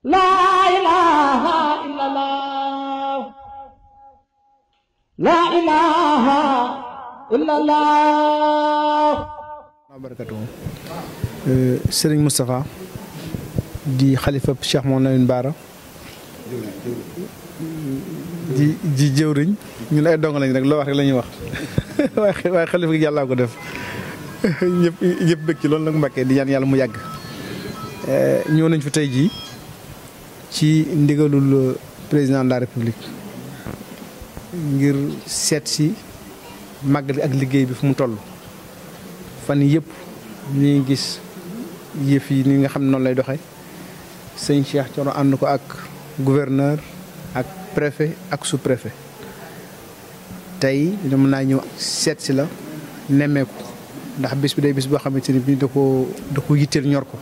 laa ilaaha illallaah ilaaha illallaah barakatu euh, di xalifa Cheikh Mouhamed Lamine Bara ji di ñu ñun ay dong lañ rek loo wax rek la ñuy wax waaye xalifa gi yàllaa ko def ñëpp ñëpp bëgg ci loolu nag Mbàkke di ñaan yàlla mu yàgg euh, ñëw nañ fi tey jii ci ndigalul euh, président de la république ngir seet si màggali ak liggéey bi fu mu toll fan yëpp ñu gis yëf yi ni nga xam ne noonu lay doxe sëñ Cheikh Thioro ànd ko ak gouverneur ak préfet ak sous préfet tey mën naa ñëw seet si la nemmeeku ndax bis bi day bis boo xamante ni bi da ko da ko yitteel ñor ko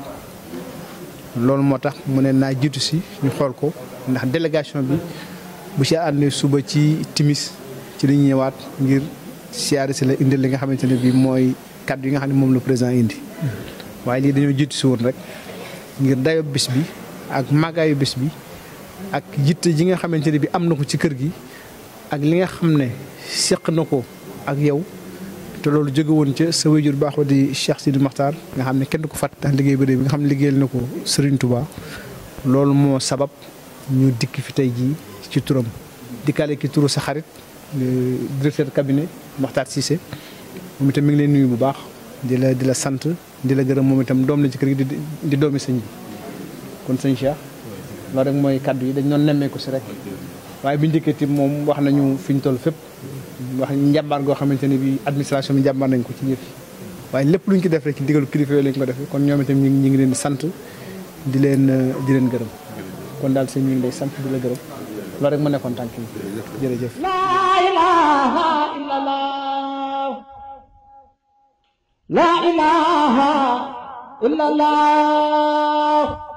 loolu moo tax mu ne naa jiitu si ñu xool ko ndax délégation bi bu si àndee suba ci timis ci li ñu ñëwaat ngir siyaare si la indi li nga xamante ne bii mooy kàddu yi nga xam ne moom la président indi. waaye lii dañoo jiitu si woon rek ngir dayo bis bi ak màggaayu bis bi ak yitte ji nga xamante ne bii am na ko ci kër gi ak li nga xam ne seq na ko ak yow. te loolu jóge ca sa wéjur baax wa di Cheikh Sidi Maxtaar nga xam ne kenn du ko fat ndax liggéey bëri bi nga xam ne liggéeyal na ko Serigne Touba loolu moo sabab ñu dikk fi tey jii ci turam dikkaale ki turu sa xarit directeur cabinet moom itam ngi leen nuyu bu baax di la di la sant di la gërëm moom itam doom la ci kër gi di doomi sëñ bi kon sëñ Cheikh loolu rek mooy kàddu yi dañ doon nemmeeku si rek waaye bu njëkkati moom wax nañu fi ñu toll fépp wax njàmbaar goo xamante ne bi administration bi njàmbaar nañ ko ci yëf waaye lépp lu ñu ko def rek ci digalu kilifa yooyu lañ ko kon ñoom tam ñu ñu ngi leen sant di leen di leen gërëm kon daal seen ñu ngi lay sant di la gërëm loolu rek ma nekkoon tànk yi jërëjëf laa ilaha illallah